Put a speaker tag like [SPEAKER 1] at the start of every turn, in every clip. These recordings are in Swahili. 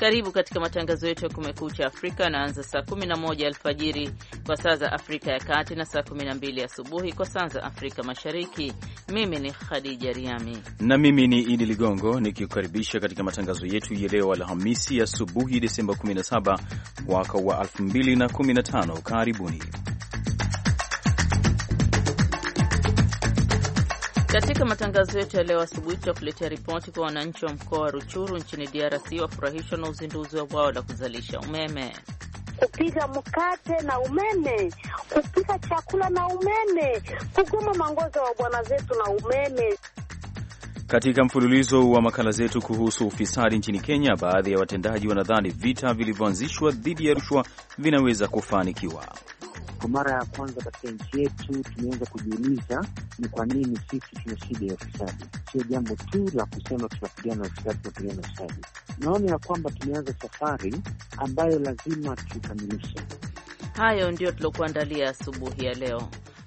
[SPEAKER 1] Karibu katika matangazo yetu ya Kumekucha Afrika anaanza saa 11 alfajiri kwa saa za Afrika ya Kati na saa 12 asubuhi kwa saa za Afrika Mashariki. Mimi ni Khadija Riami
[SPEAKER 2] na mimi ni Idi Ligongo nikikukaribisha katika matangazo yetu ya leo Alhamisi asubuhi, Desemba 17 mwaka wa 2015. Karibuni.
[SPEAKER 1] Katika matangazo yetu ya leo asubuhi, tutakuletea ripoti kwa wananchi wa mkoa wa Ruchuru nchini DRC wafurahishwa na uzinduzi wa bwawa la kuzalisha umeme.
[SPEAKER 3] Kupika mkate na umeme, kupika chakula na umeme, kugoma mangozo wa bwana zetu na umeme.
[SPEAKER 1] Katika
[SPEAKER 2] mfululizo wa makala zetu kuhusu ufisadi nchini Kenya, baadhi ya watendaji wanadhani vita vilivyoanzishwa dhidi ya rushwa vinaweza kufanikiwa.
[SPEAKER 4] Kwa mara ya kwanza katika nchi yetu tumeanza kujiuliza ni kwa nini sisi tuna shida ya ufisadi. Sio jambo tu la kusema tunapigana ufisadi, tunapigana ufisadi. Naona ya kwamba tumeanza safari ambayo lazima tukamilishe.
[SPEAKER 1] Hayo ndio tuliokuandalia asubuhi ya leo.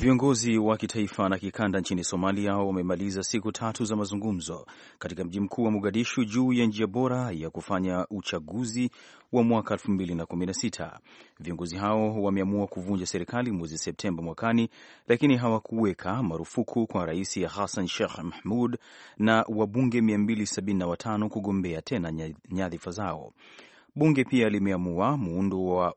[SPEAKER 2] Viongozi wa kitaifa na kikanda nchini Somalia wamemaliza siku tatu za mazungumzo katika mji mkuu wa Mogadishu juu ya njia bora ya kufanya uchaguzi wa mwaka 2016. Viongozi hao wameamua kuvunja serikali mwezi Septemba mwakani, lakini hawakuweka marufuku kwa Rais Hassan Sheikh Mahmud na wabunge 275 kugombea tena nyadhifa zao. Bunge pia limeamua muundo wa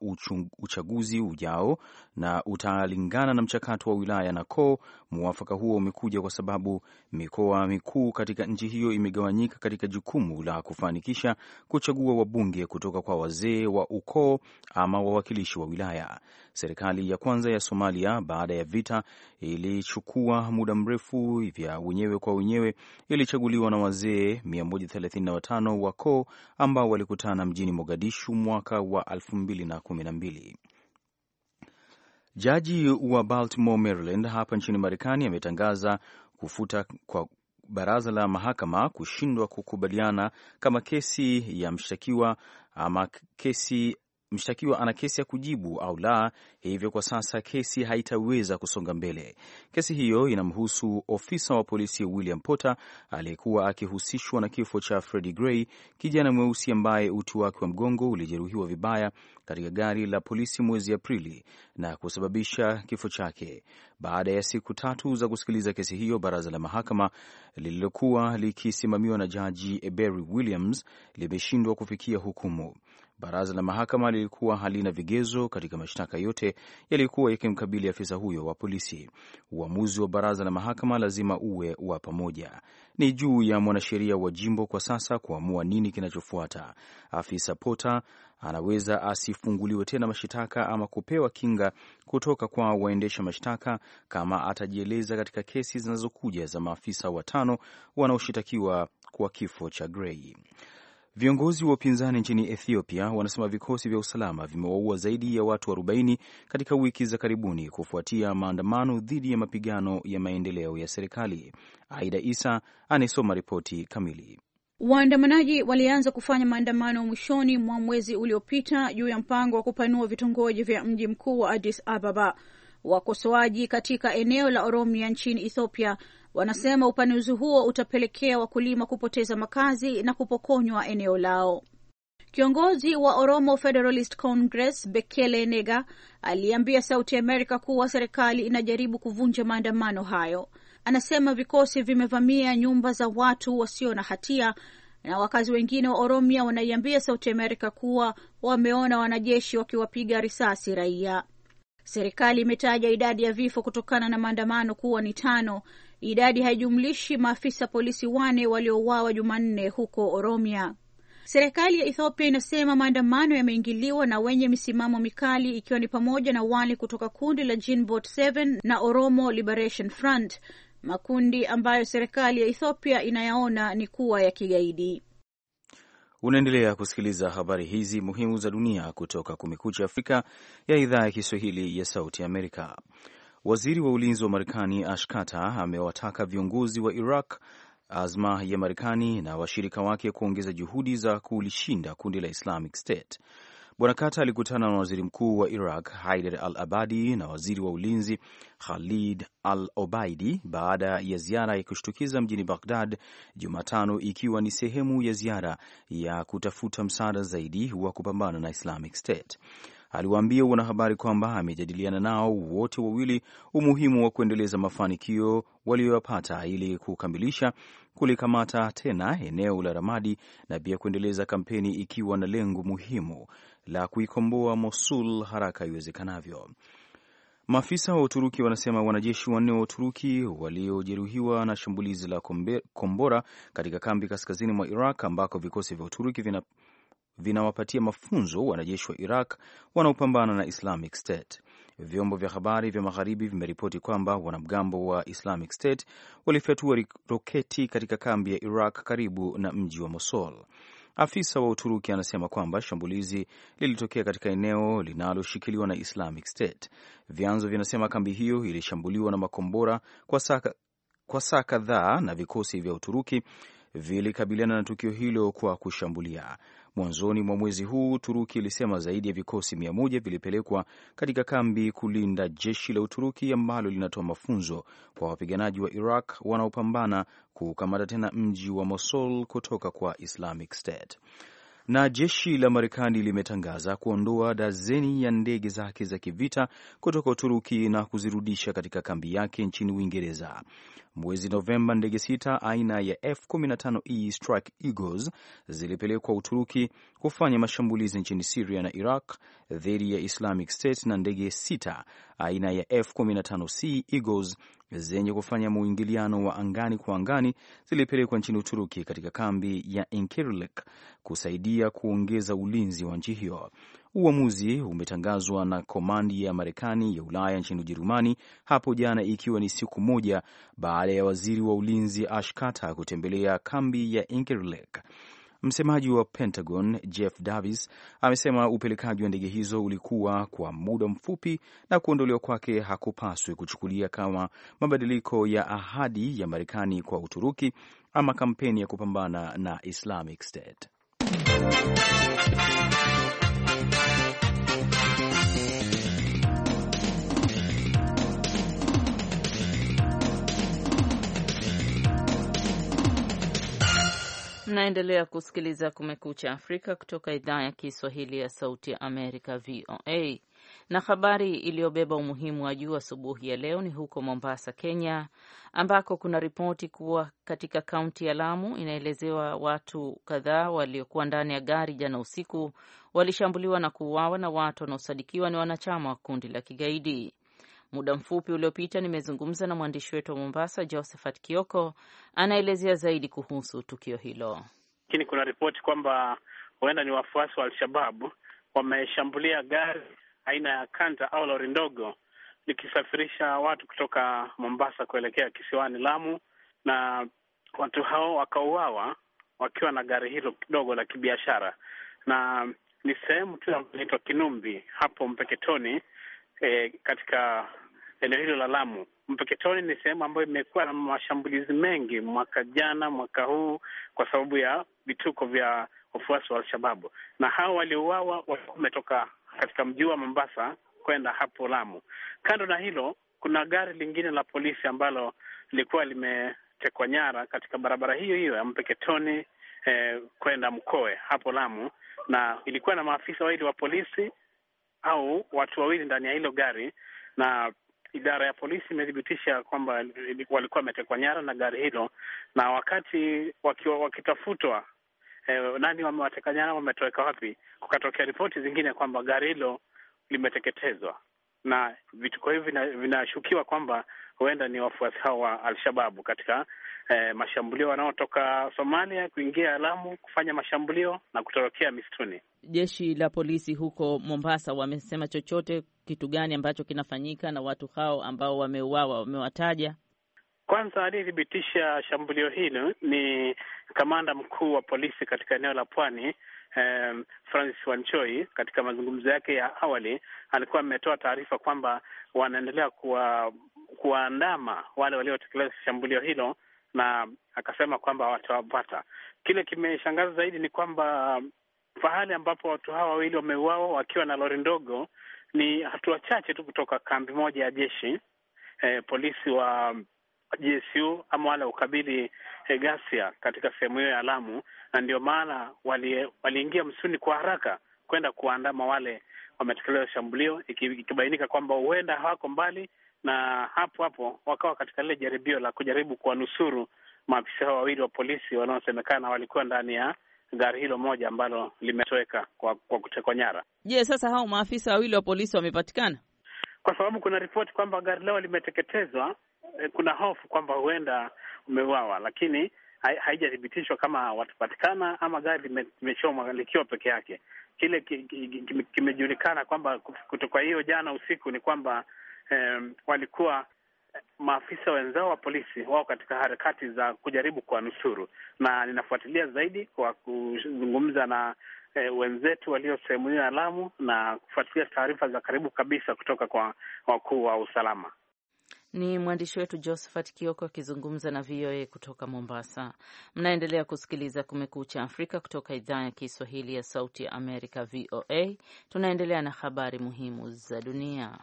[SPEAKER 2] uchaguzi ujao na utalingana na mchakato wa wilaya na koo. Mwafaka huo umekuja kwa sababu mikoa mikuu katika nchi hiyo imegawanyika katika jukumu la kufanikisha kuchagua wabunge kutoka kwa wazee wa ukoo ama wawakilishi wa wilaya. Serikali ya kwanza ya Somalia baada ya vita ilichukua muda mrefu vya wenyewe kwa wenyewe, ilichaguliwa na wazee 135 wa koo ambao walikutana mjini Mogadishu mwaka wa 2012. Jaji wa Baltimore, Maryland, hapa nchini Marekani ametangaza kufuta kwa baraza la mahakama kushindwa kukubaliana kama kesi ya mshtakiwa ama kesi mshtakiwa ana kesi ya kujibu au la, hivyo kwa sasa kesi haitaweza kusonga mbele. Kesi hiyo inamhusu ofisa wa polisi William Potter aliyekuwa akihusishwa na kifo cha Freddie Gray, kijana mweusi ambaye uti wake wa mgongo ulijeruhiwa vibaya katika gari la polisi mwezi Aprili na kusababisha kifo chake. Baada ya siku tatu za kusikiliza kesi hiyo, baraza la mahakama lililokuwa likisimamiwa na jaji Ebery Williams limeshindwa kufikia hukumu. Baraza la mahakama lilikuwa halina vigezo katika mashtaka yote yaliyokuwa yakimkabili afisa huyo wa polisi. Uamuzi wa baraza la mahakama lazima uwe wa pamoja. Ni juu ya mwanasheria wa jimbo kwa sasa kuamua nini kinachofuata. Afisa Pota anaweza asifunguliwe tena mashtaka ama kupewa kinga kutoka kwa waendesha mashtaka kama atajieleza katika kesi zinazokuja za maafisa watano wanaoshitakiwa kwa kifo cha Gray. Viongozi wa upinzani nchini Ethiopia wanasema vikosi vya usalama vimewaua zaidi ya watu 40 katika wiki za karibuni kufuatia maandamano dhidi ya mapigano ya maendeleo ya serikali. Aida Isa anayesoma ripoti kamili.
[SPEAKER 3] Waandamanaji walianza kufanya maandamano mwishoni mwa mwezi uliopita juu ya mpango wa kupanua vitongoji vya mji mkuu wa Addis Ababa. Wakosoaji katika eneo la Oromia nchini Ethiopia wanasema upanuzi huo utapelekea wakulima kupoteza makazi na kupokonywa eneo lao. Kiongozi wa Oromo Federalist Congress Bekele Nega aliambia Sauti Amerika kuwa serikali inajaribu kuvunja maandamano hayo. Anasema vikosi vimevamia nyumba za watu wasio na hatia, na wakazi wengine wa Oromia wanaiambia Sauti Amerika kuwa wameona wanajeshi wakiwapiga risasi raia. Serikali imetaja idadi ya vifo kutokana na maandamano kuwa ni tano. Idadi haijumlishi maafisa polisi wane waliouawa Jumanne huko Oromia. Serikali ya Ethiopia inasema maandamano yameingiliwa na wenye misimamo mikali ikiwa ni pamoja na wale kutoka kundi la Jinbot 7 na Oromo Liberation Front, makundi ambayo serikali ya Ethiopia inayaona ni kuwa ya kigaidi.
[SPEAKER 2] Unaendelea kusikiliza habari hizi muhimu za dunia kutoka Kumekucha Afrika ya idhaa ya Kiswahili ya Sauti ya Amerika. Waziri wa ulinzi wa Marekani Ash Carter amewataka viongozi wa Iraq azma ya Marekani na washirika wake kuongeza juhudi za kulishinda kundi la Islamic State. Bwana Kata alikutana na waziri mkuu wa Iraq Haider al Abadi na waziri wa ulinzi Khalid al Obaidi baada ya ziara ya kushtukiza mjini Baghdad Jumatano, ikiwa ni sehemu ya ziara ya kutafuta msaada zaidi wa kupambana na Islamic State aliwaambia wanahabari kwamba amejadiliana nao wote wawili umuhimu wa kuendeleza mafanikio walioyapata ili kukamilisha kulikamata tena eneo la Ramadi na pia kuendeleza kampeni ikiwa na lengo muhimu la kuikomboa Mosul haraka iwezekanavyo. Maafisa wa Uturuki wanasema wanajeshi wanne wa Uturuki waliojeruhiwa na shambulizi la kombora katika kambi kaskazini mwa Iraq ambako vikosi vya Uturuki vina vinawapatia mafunzo wanajeshi wa Iraq wanaopambana na Islamic State. Vyombo vya habari vya magharibi vimeripoti kwamba wanamgambo wa Islamic State walifyatua roketi katika kambi ya Iraq karibu na mji wa Mosul. Afisa wa Uturuki anasema kwamba shambulizi lilitokea katika eneo linaloshikiliwa na Islamic State. Vyanzo vinasema kambi hiyo ilishambuliwa na makombora kwa saa kwa saa kadhaa, na vikosi vya Uturuki vilikabiliana na tukio hilo kwa kushambulia. Mwanzoni mwa mwezi huu Uturuki ilisema zaidi ya vikosi mia moja vilipelekwa katika kambi kulinda jeshi la Uturuki ambalo linatoa mafunzo kwa wapiganaji wa Iraq wanaopambana kuukamata tena mji wa Mosul kutoka kwa Islamic State. Na jeshi la Marekani limetangaza kuondoa dazeni ya ndege zake za kivita kutoka Uturuki na kuzirudisha katika kambi yake nchini Uingereza. Mwezi Novemba, ndege sita aina ya F-15E Strike Eagles zilipelekwa Uturuki kufanya mashambulizi nchini Siria na Iraq dhidi ya Islamic State, na ndege sita aina ya F-15C Eagles zenye kufanya muingiliano wa angani kwa angani zilipelekwa nchini Uturuki katika kambi ya Incirlik kusaidia kuongeza ulinzi wa nchi hiyo. Uamuzi umetangazwa na komandi ya Marekani ya Ulaya nchini Ujerumani hapo jana, ikiwa ni siku moja baada ya waziri wa ulinzi ashkata kutembelea kambi ya Incirlik. Msemaji wa Pentagon Jeff Davis amesema upelekaji wa ndege hizo ulikuwa kwa muda mfupi na kuondolewa kwake hakupaswi kuchukulia kama mabadiliko ya ahadi ya Marekani kwa Uturuki ama kampeni ya kupambana na Islamic State.
[SPEAKER 1] Mnaendelea kusikiliza Kumekucha Afrika kutoka idhaa ya Kiswahili ya Sauti ya Amerika, VOA. Na habari iliyobeba umuhimu wa juu asubuhi ya leo ni huko Mombasa, Kenya, ambako kuna ripoti kuwa katika kaunti ya Lamu inaelezewa watu kadhaa waliokuwa ndani ya gari jana usiku walishambuliwa na kuuawa na watu wanaosadikiwa ni wanachama wa kundi la kigaidi. Muda mfupi uliopita nimezungumza na mwandishi wetu wa Mombasa, Josephat Kioko, anaelezea zaidi kuhusu tukio hilo.
[SPEAKER 5] Lakini kuna ripoti kwamba huenda ni wafuasi wa alshababu wameshambulia gari aina ya kanta au lori ndogo likisafirisha watu kutoka Mombasa kuelekea kisiwani Lamu, na watu hao wakauawa wakiwa na gari hilo kidogo la kibiashara, na ni sehemu tu inaitwa Kinumbi hapo Mpeketoni, e, katika eneo hilo la Lamu. Mpeketoni ni sehemu ambayo imekuwa na mashambulizi mengi mwaka jana, mwaka huu, kwa sababu ya vituko vya wafuasi wa Alshababu, na hao waliouawa walikuwa wametoka katika mji wa Mombasa kwenda hapo Lamu. Kando na hilo, kuna gari lingine la polisi ambalo lilikuwa limetekwa nyara katika barabara hiyo hiyo ya Mpeketoni eh, kwenda Mkoe hapo Lamu, na ilikuwa na maafisa wawili wa polisi au watu wawili ndani ya hilo gari na idara ya polisi imethibitisha kwamba walikuwa wametekwa nyara na gari hilo, na wakati wakiwa wakitafutwa eh, nani wamewateka nyara, wametoweka wapi, kukatokea ripoti zingine kwamba gari hilo limeteketezwa na vituko hivi vinashukiwa vina kwamba huenda ni wafuasi hao wa Alshababu katika eh, mashambulio wanaotoka Somalia kuingia alamu kufanya mashambulio na kutorokea misituni.
[SPEAKER 1] Jeshi la polisi huko Mombasa wamesema chochote kitu gani ambacho kinafanyika na watu hao ambao wameuawa? Wamewataja?
[SPEAKER 5] Kwanza aliyethibitisha shambulio hilo ni kamanda mkuu wa polisi katika eneo la Pwani Um, Francis Wanchoi katika mazungumzo yake ya awali alikuwa ametoa taarifa kwamba wanaendelea kuwa, kuwaandama wale waliotekeleza shambulio hilo, na akasema kwamba watawapata. Kile kimeshangaza zaidi ni kwamba pahali ambapo watu hawa wawili wameuawa wakiwa na lori ndogo ni hatua chache tu kutoka kambi moja ya jeshi eh, polisi wa GSU ama wale ukabili eh, ghasia katika sehemu hiyo ya Lamu, na ndio maana waliingia msituni kwa haraka kwenda kuandama wale wametekeleza shambulio, ikibainika kwamba huenda hawako mbali na hapo hapo, wakawa katika lile jaribio la kujaribu kuwanusuru maafisa hao wawili wa polisi wanaosemekana walikuwa ndani ya gari hilo moja ambalo limetoweka kwa, kwa kutekwa nyara.
[SPEAKER 1] Je, yes, sasa hao maafisa wawili wa polisi wamepatikana? Kwa sababu kuna ripoti kwamba gari lao limeteketezwa, eh, kuna
[SPEAKER 5] hofu kwamba huenda umeuawa, lakini haijathibitishwa kama watapatikana ama gari limechomwa likiwa peke yake. Kile kimejulikana kwamba kutoka hiyo jana usiku ni kwamba eh, walikuwa maafisa wenzao wa polisi wao katika harakati za kujaribu kuwanusuru, na ninafuatilia zaidi kwa kuzungumza na e, wenzetu walio sehemu hiyo ya Lamu na kufuatilia taarifa za karibu kabisa kutoka kwa wakuu wa usalama.
[SPEAKER 1] Ni mwandishi wetu Josephat Kioko akizungumza na VOA kutoka Mombasa. Mnaendelea kusikiliza Kumekucha Afrika kutoka idhaa ya Kiswahili ya Sauti ya Amerika, VOA. Tunaendelea na habari muhimu za dunia.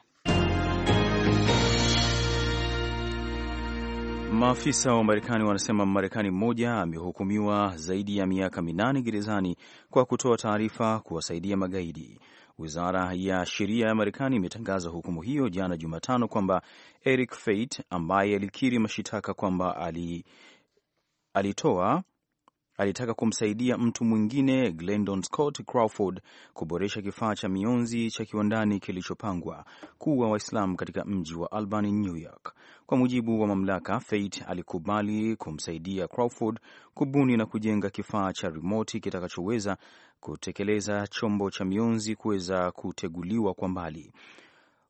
[SPEAKER 2] Maafisa wa Marekani wanasema Marekani mmoja amehukumiwa zaidi ya miaka minane gerezani kwa kutoa taarifa kuwasaidia magaidi. Wizara ya sheria ya Marekani imetangaza hukumu hiyo jana Jumatano kwamba Eric Feit ambaye alikiri mashitaka kwamba ali alitoa alitaka kumsaidia mtu mwingine Glendon Scott Crawford kuboresha kifaa cha mionzi cha kiwandani kilichopangwa kuwa Waislamu katika mji wa Albany, New York. Kwa mujibu wa mamlaka, Fate alikubali kumsaidia Crawford kubuni na kujenga kifaa cha rimoti kitakachoweza kutekeleza chombo cha mionzi kuweza kuteguliwa kwa mbali.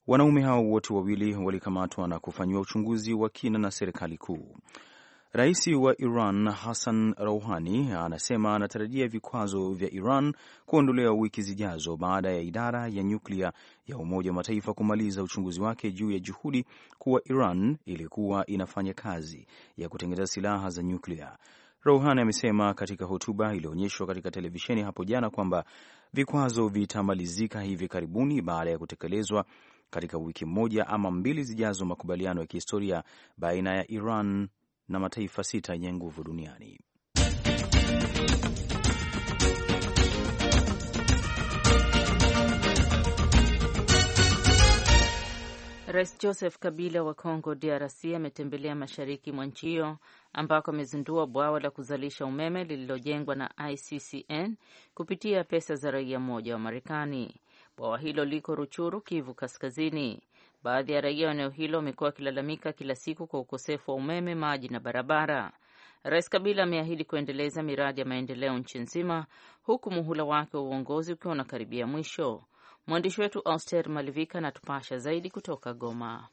[SPEAKER 2] Wanaume hao wote wawili walikamatwa na kufanyiwa uchunguzi wa kina na serikali kuu. Rais wa Iran Hassan Rouhani anasema anatarajia vikwazo vya Iran kuondolewa wiki zijazo baada ya idara ya nyuklia ya Umoja wa Mataifa kumaliza uchunguzi wake juu ya juhudi kuwa Iran ilikuwa inafanya kazi ya kutengeneza silaha za nyuklia. Rouhani amesema katika hotuba iliyoonyeshwa katika televisheni hapo jana kwamba vikwazo vitamalizika hivi karibuni baada ya kutekelezwa katika wiki moja ama mbili zijazo makubaliano ya kihistoria baina ya Iran na mataifa sita yenye nguvu duniani.
[SPEAKER 1] Rais Joseph Kabila wa Congo DRC ametembelea mashariki mwa nchi hiyo ambako amezindua bwawa la kuzalisha umeme lililojengwa na ICCN kupitia pesa za raia mmoja wa Marekani. Bwawa hilo liko Ruchuru, Kivu Kaskazini. Baadhi ya raia wa eneo hilo wamekuwa wakilalamika kila siku kwa ukosefu wa umeme, maji na barabara. Rais Kabila ameahidi kuendeleza miradi ya maendeleo nchi nzima, huku muhula wake wa uongozi ukiwa unakaribia mwisho. Mwandishi wetu Auster Malivika anatupasha zaidi kutoka Goma.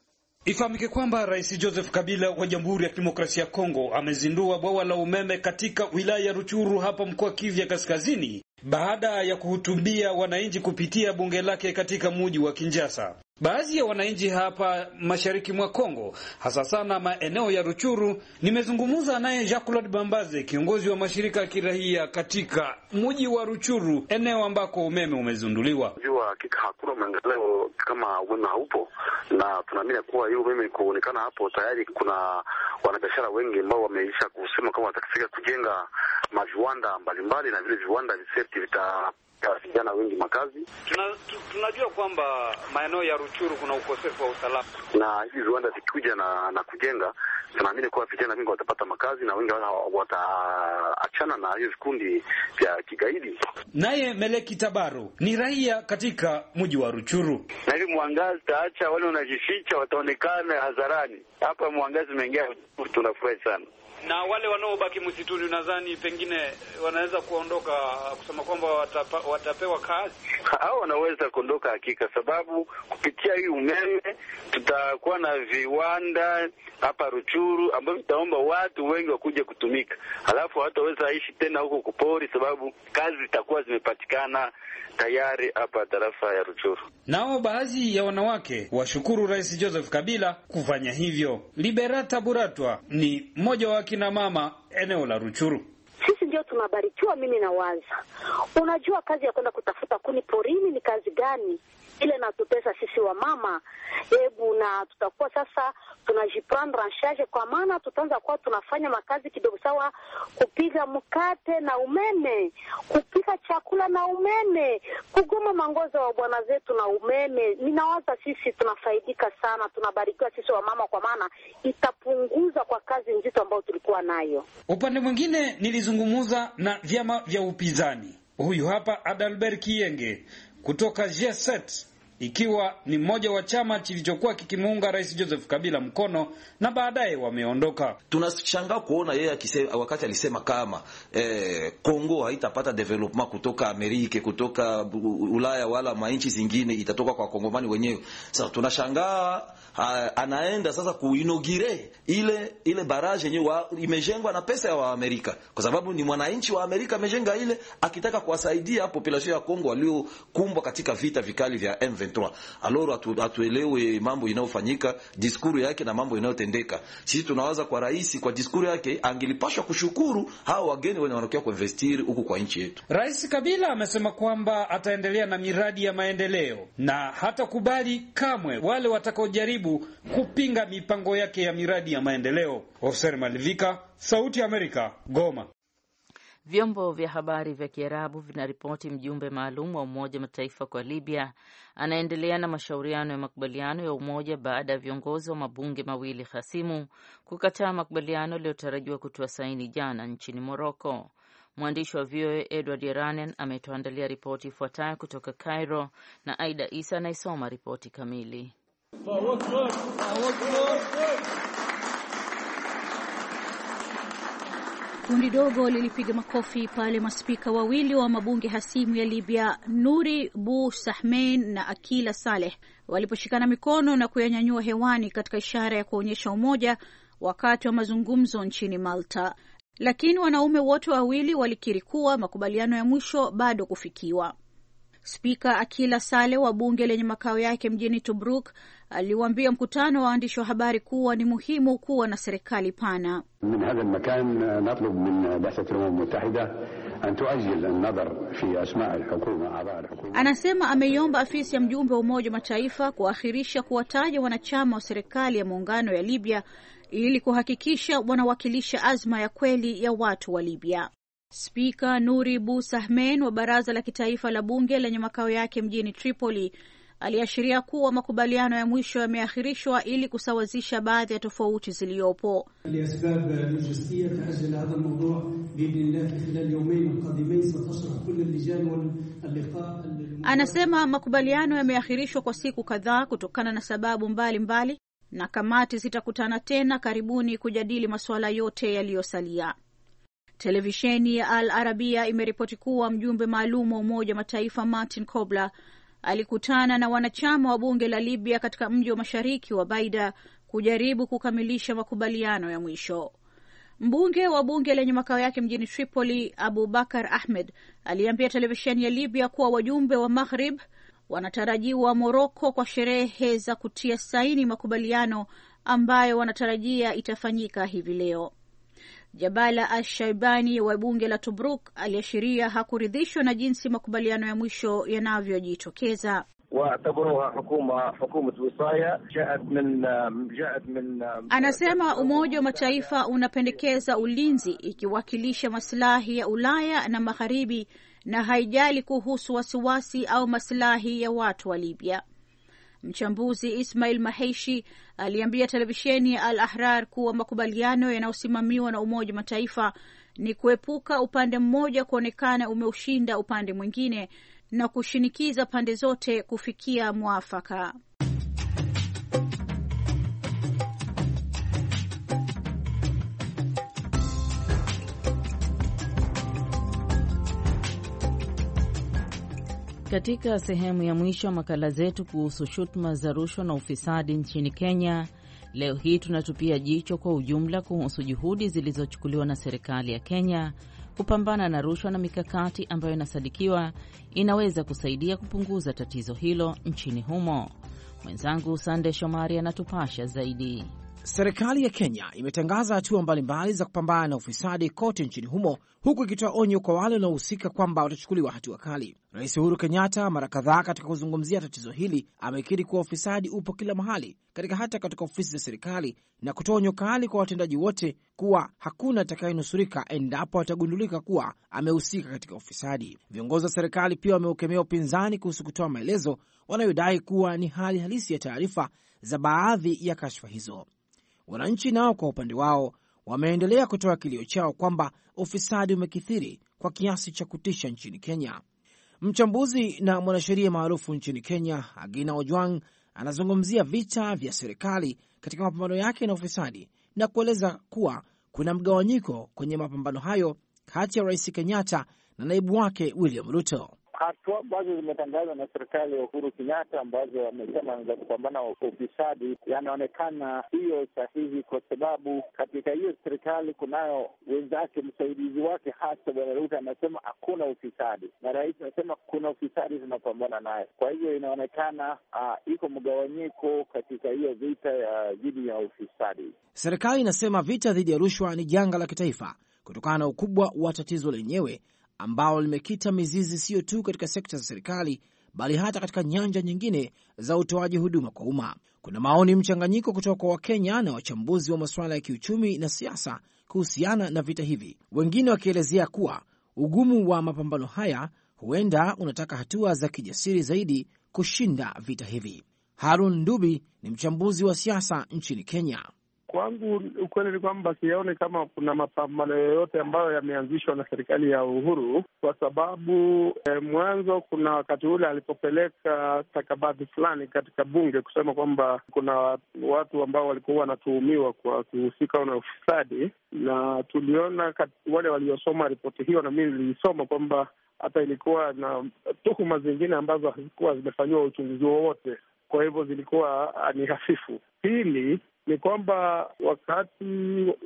[SPEAKER 6] Ifahamike kwamba Rais Joseph Kabila wa Jamhuri ya Kidemokrasia ya Kongo amezindua bwawa la umeme katika wilaya ya Ruchuru hapa mkoa Kivu ya Kaskazini baada ya kuhutubia wananchi kupitia bunge lake katika muji wa Kinjasa. Baadhi ya wananchi hapa mashariki mwa Kongo, hasa sana maeneo ya Ruchuru. Nimezungumza naye jacques Claude Bambaze, kiongozi wa mashirika ya kiraia katika mji wa Ruchuru, eneo ambako umeme umezunduliwa. Jua hakika hakuna maendeleo
[SPEAKER 4] kama umeme haupo, na tunaamini kuwa hiyo umeme kuonekana hapo tayari kuna wanabiashara wengi ambao wameisha kusema kama watakifika kujenga maviwanda mbalimbali,
[SPEAKER 6] na vile viwanda viseti vita ya vijana wengi makazi. Tuna, tu, tunajua kwamba maeneo ya Ruchuru kuna ukosefu wa usalama, na hivi viwanda vikuja na, na kujenga
[SPEAKER 4] tunaamini kuwa vijana wengi watapata makazi na wengi wataachana na hiyo vikundi
[SPEAKER 6] vya kigaidi. Naye Meleki Tabaro ni raia katika mji wa Ruchuru. Na hivi mwangazi taacha wale wanajificha, wataonekana hadharani. Hapa mwangazi umeingia, tunafurahi sana. Na wale wanaobaki msituni, nadhani pengine wanaweza kuondoka kusema kwamba watapa, watapewa kazi hao, wanaweza kuondoka hakika, sababu kupitia hii umeme tutakuwa na viwanda hapa Ruchuru ambavyo vitaomba watu wengi wakuja kutumika, alafu hawataweza ishi tena huko kupori, sababu kazi zitakuwa zimepatikana tayari hapa tarafa ya Ruchuru. Nao baadhi ya wanawake washukuru Rais Joseph Kabila kufanya hivyo. Liberata Buratwa ni mmoja wa kina mama eneo la Ruchuru.
[SPEAKER 3] Sisi ndio tunabarikiwa. Mimi nawaza, unajua kazi ya kwenda kutafuta kuni porini ni kazi gani? ile natutesa sisi wa mama hebu, na tutakuwa sasa tunajiprendre en charge, kwa maana tutaanza kuwa tunafanya makazi kidogo, sawa kupiga mkate na umeme, kupika chakula na umeme, kugoma mangozo wa bwana zetu na umeme. Ninawaza sisi tunafaidika sana, tunabarikiwa sisi wa mama, kwa maana itapunguza kwa kazi nzito ambayo tulikuwa nayo.
[SPEAKER 6] Upande mwingine, nilizungumza na vyama vya upinzani. Huyu hapa Adalbert Kiyenge kutoka G7 ikiwa ni mmoja wa chama kilichokuwa kikimuunga Rais Joseph Kabila mkono na baadaye wameondoka. Tunashangaa kuona yeye akisema, wakati alisema kama eh, Kongo eh,
[SPEAKER 2] haitapata development kutoka Amerika, kutoka Ulaya wala mainchi zingine, itatoka kwa Kongomani
[SPEAKER 7] wenyewe. Sasa tunashangaa anaenda sasa kuinogire ile ile baraje yenyewe imejengwa na pesa ya Waamerika, kwa sababu ni mwananchi wa Amerika amejenga ile, akitaka kuwasaidia population ya Kongo waliokumbwa katika vita vikali vya MV M23.
[SPEAKER 2] atuelewe hatuelewe mambo inayofanyika, diskuru yake na mambo inayotendeka. Sisi tunawaza kwa rais, kwa diskuru yake angelipashwa kushukuru hawa wageni wenye wanaokuja kuinvestiri huku kwa
[SPEAKER 6] nchi yetu. Rais Kabila amesema kwamba ataendelea na miradi ya maendeleo na hata kubali kamwe wale watakaojaribu kupinga mipango yake ya miradi ya maendeleo. Ofser Malivika, Sauti Amerika, Goma.
[SPEAKER 1] Vyombo vya habari vya Kiarabu vinaripoti mjumbe maalum wa Umoja Mataifa kwa Libya anaendelea na mashauriano ya makubaliano ya umoja baada ya viongozi wa mabunge mawili hasimu kukataa makubaliano yaliyotarajiwa kutoa saini jana nchini Moroko. Mwandishi wa VOA Edward Yeranian ametuandalia ripoti ifuatayo kutoka Cairo na Aida Isa anayesoma ripoti kamili.
[SPEAKER 3] Kundi dogo lilipiga makofi pale maspika wawili wa mabunge hasimu ya Libya, Nuri Bu Sahmein na Akila Saleh, waliposhikana mikono na kuyanyanyua hewani katika ishara ya kuonyesha umoja wakati wa mazungumzo nchini Malta. Lakini wanaume wote wawili walikiri kuwa makubaliano ya mwisho bado kufikiwa. Spika Akila Sale wa bunge lenye makao yake mjini Tobruk aliwaambia mkutano wa waandishi wa habari kuwa ni muhimu kuwa na serikali pana. Anasema ameiomba afisi ya mjumbe wa Umoja wa Mataifa kuahirisha kuwataja wanachama wa serikali ya muungano ya Libya ili kuhakikisha wanawakilisha azma ya kweli ya watu wa Libya. Spika Nuri busahmen wa Baraza la Kitaifa la Bunge lenye makao yake mjini Tripoli aliashiria kuwa makubaliano ya mwisho yameahirishwa ili kusawazisha baadhi ya tofauti ziliyopo. Anasema makubaliano yameahirishwa kwa siku kadhaa kutokana na sababu mbalimbali mbali, na kamati zitakutana tena karibuni kujadili masuala yote yaliyosalia. Televisheni ya Al Arabia imeripoti kuwa mjumbe maalum wa Umoja wa Mataifa Martin Kobler alikutana na wanachama wa bunge la Libya katika mji wa mashariki wa Baida kujaribu kukamilisha makubaliano ya mwisho. Mbunge wa bunge lenye makao yake mjini Tripoli, Abu Bakar Ahmed, aliambia televisheni ya Libya kuwa wajumbe wa Maghrib wanatarajiwa Moroko kwa sherehe za kutia saini makubaliano ambayo wanatarajia itafanyika hivi leo. Jabala ashaibani wa bunge la Tobruk aliashiria hakuridhishwa na jinsi makubaliano ya mwisho yanavyojitokeza.
[SPEAKER 4] Um, um,
[SPEAKER 3] Anasema Umoja wa Mataifa unapendekeza ulinzi ikiwakilisha masilahi ya Ulaya na Magharibi na haijali kuhusu wasiwasi au masilahi ya watu wa Libya. Mchambuzi Ismail Maheishi aliambia televisheni ya Al Ahrar kuwa makubaliano yanayosimamiwa na Umoja wa Mataifa ni kuepuka upande mmoja kuonekana umeushinda upande mwingine na kushinikiza pande zote kufikia mwafaka.
[SPEAKER 1] Katika sehemu ya mwisho ya makala zetu kuhusu shutuma za rushwa na ufisadi nchini Kenya, leo hii tunatupia jicho kwa ujumla kuhusu juhudi zilizochukuliwa na serikali ya Kenya kupambana na rushwa na mikakati ambayo inasadikiwa inaweza kusaidia kupunguza tatizo hilo nchini humo. Mwenzangu Sande Shomari anatupasha zaidi. Serikali ya Kenya
[SPEAKER 8] imetangaza hatua mbalimbali za kupambana na ufisadi kote nchini humo huku ikitoa onyo kwa wale wanaohusika kwamba watachukuliwa hatua kali. Rais Uhuru Kenyatta mara kadhaa katika kuzungumzia tatizo hili amekiri kuwa ufisadi upo kila mahali katika hata katika ofisi za serikali na kutoa onyo kali kwa watendaji wote kuwa hakuna atakayenusurika endapo atagundulika kuwa amehusika katika ufisadi. Viongozi wa serikali pia wameukemea upinzani kuhusu kutoa maelezo wanayodai kuwa ni hali halisi ya taarifa za baadhi ya kashfa hizo. Wananchi nao kwa upande wao wameendelea kutoa kilio chao kwamba ufisadi umekithiri kwa kiasi cha kutisha nchini Kenya. Mchambuzi na mwanasheria maarufu nchini Kenya, Agina Ojwang, anazungumzia vita vya serikali katika mapambano yake na ufisadi na kueleza kuwa kuna mgawanyiko kwenye mapambano hayo kati ya Rais Kenyatta na naibu wake William Ruto
[SPEAKER 4] hatua ambazo zimetangazwa na serikali ya Uhuru Kenyatta ambazo amesema za kupambana ufisadi yanaonekana hiyo sahihi, kwa sababu katika hiyo serikali kunayo wenzake, msaidizi wake hasa Bwana Ruto anasema hakuna ufisadi, na rais anasema kuna ufisadi, tunapambana naye. Kwa hivyo inaonekana uh, iko mgawanyiko katika hiyo vita ya uh, ya ufisadi.
[SPEAKER 8] Serikali inasema vita dhidi ya rushwa ni janga la kitaifa kutokana na ukubwa wa tatizo lenyewe ambalo limekita mizizi siyo tu katika sekta za serikali bali hata katika nyanja nyingine za utoaji huduma kwa umma. Kuna maoni mchanganyiko kutoka kwa Wakenya na wachambuzi wa masuala ya kiuchumi na siasa kuhusiana na vita hivi, wengine wakielezea kuwa ugumu wa mapambano haya huenda unataka hatua za kijasiri zaidi kushinda vita hivi. Harun Ndubi ni mchambuzi wa siasa nchini Kenya.
[SPEAKER 4] Kwangu ukweli ni kwamba siyaone kama kuna mapambano yoyote ambayo yameanzishwa na serikali ya Uhuru, kwa sababu eh, mwanzo kuna wakati ule alipopeleka stakabadhi fulani katika bunge kusema kwamba kuna watu ambao walikuwa wanatuhumiwa kwa kuhusika na ufisadi, na tuliona kat, wale waliosoma ripoti hiyo na mimi nilisoma kwamba hata ilikuwa na tuhuma zingine ambazo hazikuwa zimefanyiwa uchunguzi wowote, kwa hivyo zilikuwa ah, ni hafifu. Pili, ni kwamba wakati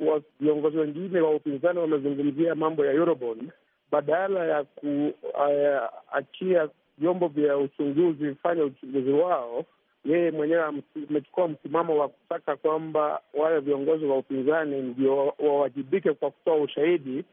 [SPEAKER 4] wa viongozi wengine wa upinzani wamezungumzia mambo ya Eurobond, badala ya kuachia eh, vyombo vya uchunguzi vifanye uchunguzi wao, yeye mwenyewe amechukua msimamo wa kutaka kwamba wale viongozi wa upinzani ndio wawajibike kwa kutoa ushahidi.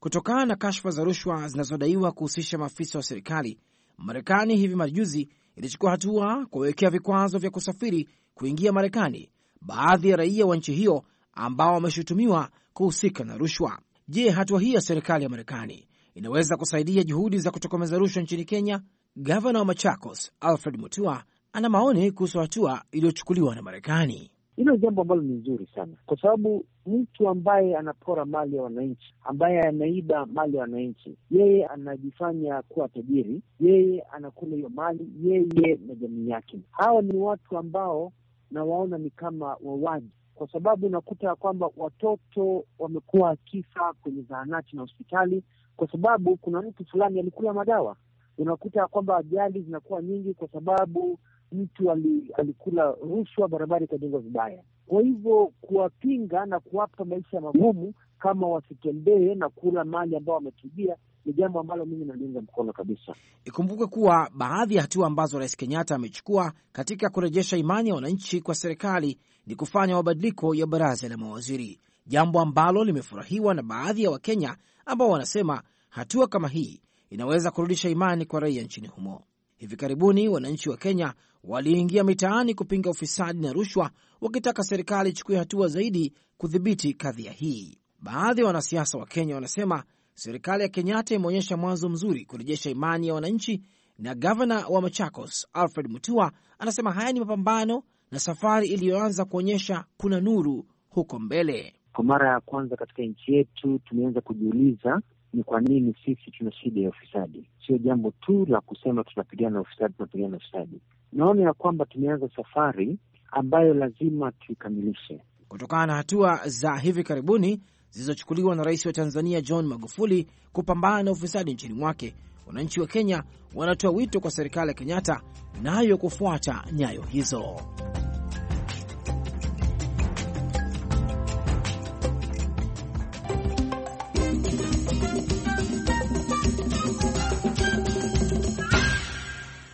[SPEAKER 8] Kutokana na kashfa za rushwa zinazodaiwa kuhusisha maafisa wa serikali, Marekani hivi majuzi ilichukua hatua kuwekea vikwazo vya kusafiri kuingia Marekani baadhi ya raia wa nchi hiyo ambao wameshutumiwa kuhusika na rushwa. Je, hatua hii ya serikali ya Marekani inaweza kusaidia juhudi za kutokomeza rushwa nchini Kenya? Gavana wa Machakos Alfred Mutua ana maoni kuhusu hatua iliyochukuliwa na Marekani. Hilo jambo ambalo ni nzuri sana, kwa sababu
[SPEAKER 4] mtu ambaye anapora mali ya wananchi, ambaye anaiba mali ya wananchi, yeye anajifanya kuwa tajiri, yeye anakula hiyo mali, yeye na jamii yake. Hawa ni watu ambao na waona ni kama wauaji, kwa sababu unakuta ya kwamba watoto wamekuwa wakifa kwenye zahanati na hospitali kwa sababu kuna mtu fulani alikula madawa. Unakuta ya kwamba ajali zinakuwa nyingi kwa sababu mtu ali, alikula rushwa, barabara ikajengwa vibaya. Kwa hivyo kuwapinga na kuwapa maisha magumu kama wasitembee na kula mali ambao wametubia ni jambo ambalo mimi naliunga mkono kabisa.
[SPEAKER 8] Ikumbuke kuwa baadhi ya hatua ambazo Rais Kenyatta amechukua katika kurejesha imani ya wananchi kwa serikali ni kufanya mabadiliko ya baraza la mawaziri, jambo ambalo limefurahiwa na baadhi ya Wakenya ambao wanasema hatua kama hii inaweza kurudisha imani kwa raia nchini humo. Hivi karibuni wananchi wa Kenya waliingia mitaani kupinga ufisadi na rushwa, wakitaka serikali ichukue hatua zaidi kudhibiti kadhia hii. Baadhi ya wanasiasa wa Kenya wanasema serikali ya Kenyatta imeonyesha mwanzo mzuri kurejesha imani ya wananchi, na gavana wa Machakos Alfred Mutua anasema haya ni mapambano na safari iliyoanza kuonyesha kuna nuru huko mbele. Kwa
[SPEAKER 4] mara ya kwanza katika nchi yetu tumeanza kujiuliza ni kwa nini sisi tuna shida ya ufisadi. Sio jambo tu la kusema tunapigana ufisadi, tunapigana ufisadi. Naona ya kwamba tumeanza safari ambayo lazima tuikamilishe.
[SPEAKER 8] Kutokana na hatua za hivi karibuni zilizochukuliwa na rais wa Tanzania John Magufuli kupambana na ufisadi nchini mwake, wananchi wa Kenya wanatoa wito kwa serikali ya Kenyatta nayo kufuata nyayo hizo.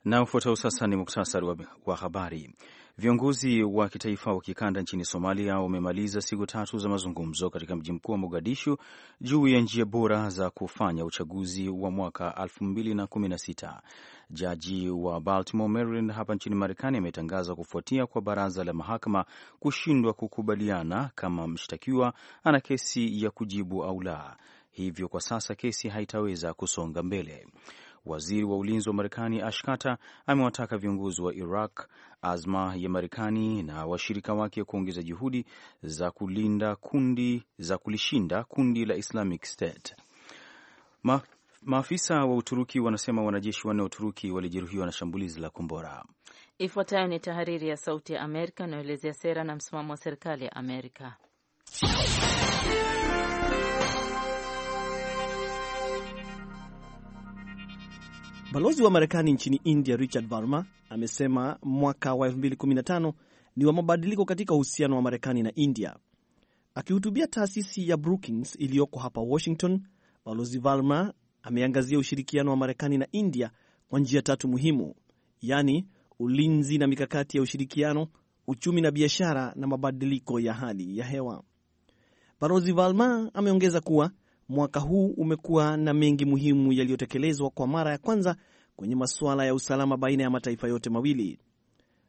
[SPEAKER 2] Na ufuatao sasa ni muktasari wa, wa habari. Viongozi wa kitaifa wa kikanda nchini Somalia wamemaliza siku tatu za mazungumzo katika mji mkuu wa Mogadishu juu ya njia bora za kufanya uchaguzi wa mwaka 2016. Jaji wa Baltimore, Maryland hapa nchini Marekani ametangaza kufuatia kwa baraza la mahakama kushindwa kukubaliana kama mshtakiwa ana kesi ya kujibu au la, hivyo kwa sasa kesi haitaweza kusonga mbele. Waziri wa ulinzi wa Marekani Ash Carter amewataka viongozi wa Iraq, azma ya Marekani na washirika wake kuongeza juhudi za kulinda kundi za kulishinda kundi la Islamic State. Ma, maafisa wa Uturuki wanasema wanajeshi wanne wa Uturuki walijeruhiwa na shambulizi la kombora.
[SPEAKER 1] Ifuatayo ni tahariri ya Sauti ya Amerika inayoelezea sera na msimamo wa serikali ya Amerika.
[SPEAKER 7] Balozi wa Marekani nchini India Richard Varma amesema mwaka wa 2015 ni wa mabadiliko katika uhusiano wa Marekani na India. Akihutubia taasisi ya Brookings iliyoko hapa Washington, Balozi Varma ameangazia ushirikiano wa Marekani na India kwa njia tatu muhimu, yaani ulinzi na mikakati ya ushirikiano, uchumi na biashara, na mabadiliko ya hali ya hewa. Balozi Varma ameongeza kuwa Mwaka huu umekuwa na mengi muhimu yaliyotekelezwa kwa mara ya kwanza kwenye masuala ya usalama baina ya mataifa yote mawili.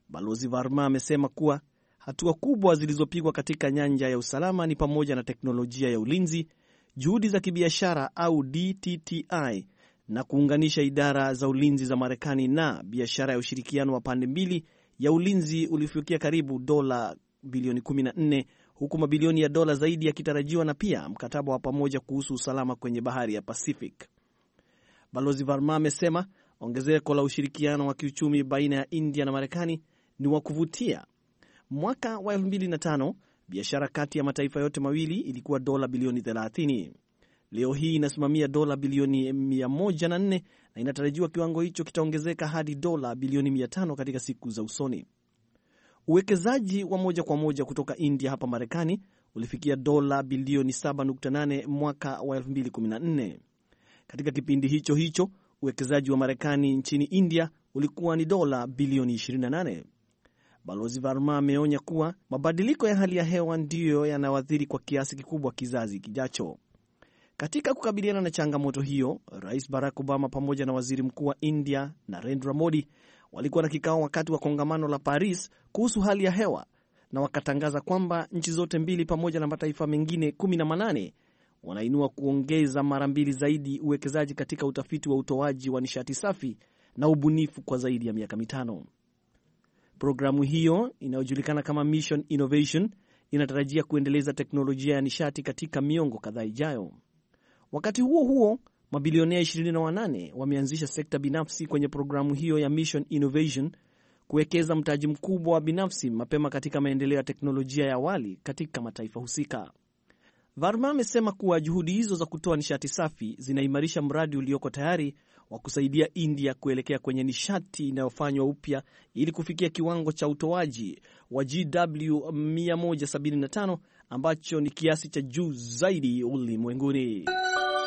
[SPEAKER 7] Balozi Varma amesema kuwa hatua kubwa zilizopigwa katika nyanja ya usalama ni pamoja na teknolojia ya ulinzi, juhudi za kibiashara au DTTI na kuunganisha idara za ulinzi za Marekani na biashara ya ushirikiano wa pande mbili ya ulinzi uliofikia karibu dola bilioni 14 huku mabilioni ya dola zaidi yakitarajiwa na pia mkataba wa pamoja kuhusu usalama kwenye bahari ya Pacific. Balozi Varma amesema ongezeko la ushirikiano wa kiuchumi baina ya India na Marekani ni wa kuvutia. Mwaka wa 2005 biashara kati ya mataifa yote mawili ilikuwa dola bilioni 30. Leo hii inasimamia dola bilioni 104 na inatarajiwa kiwango hicho kitaongezeka hadi dola bilioni 500 katika siku za usoni. Uwekezaji wa moja kwa moja kutoka India hapa Marekani ulifikia dola bilioni 7.8 mwaka wa 2014. Katika kipindi hicho hicho uwekezaji wa Marekani nchini India ulikuwa ni dola bilioni 28. Balozi Varma ameonya kuwa mabadiliko ya hali ya hewa ndiyo yanayoathiri kwa kiasi kikubwa kizazi kijacho. Katika kukabiliana na changamoto hiyo, Rais Barack Obama pamoja na waziri mkuu wa India Narendra Modi walikuwa na kikao wakati wa kongamano la Paris kuhusu hali ya hewa na wakatangaza kwamba nchi zote mbili pamoja na mataifa mengine 18 wanainua kuongeza mara mbili zaidi uwekezaji katika utafiti wa utoaji wa nishati safi na ubunifu kwa zaidi ya miaka mitano. Programu hiyo inayojulikana kama Mission Innovation inatarajia kuendeleza teknolojia ya nishati katika miongo kadhaa ijayo. Wakati huo huo, mabilionea 28 wameanzisha sekta binafsi kwenye programu hiyo ya Mission Innovation, kuwekeza mtaji mkubwa wa binafsi mapema katika maendeleo ya teknolojia ya awali katika mataifa husika. Varma amesema kuwa juhudi hizo za kutoa nishati safi zinaimarisha mradi ulioko tayari wa kusaidia India kuelekea kwenye nishati inayofanywa upya ili kufikia kiwango cha utoaji wa GW 175 ambacho ni kiasi cha juu zaidi ulimwenguni.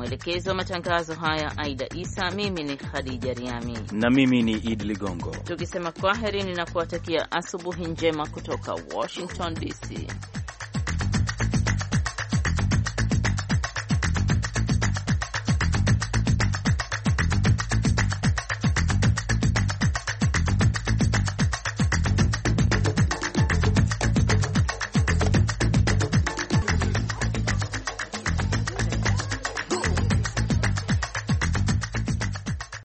[SPEAKER 1] Mwelekezi wa matangazo haya Aida Isa, mimi ni Khadija Riami na
[SPEAKER 2] mimi ni Idi Ligongo,
[SPEAKER 1] tukisema kwaheri ninakuwatakia asubuhi njema kutoka Washington DC.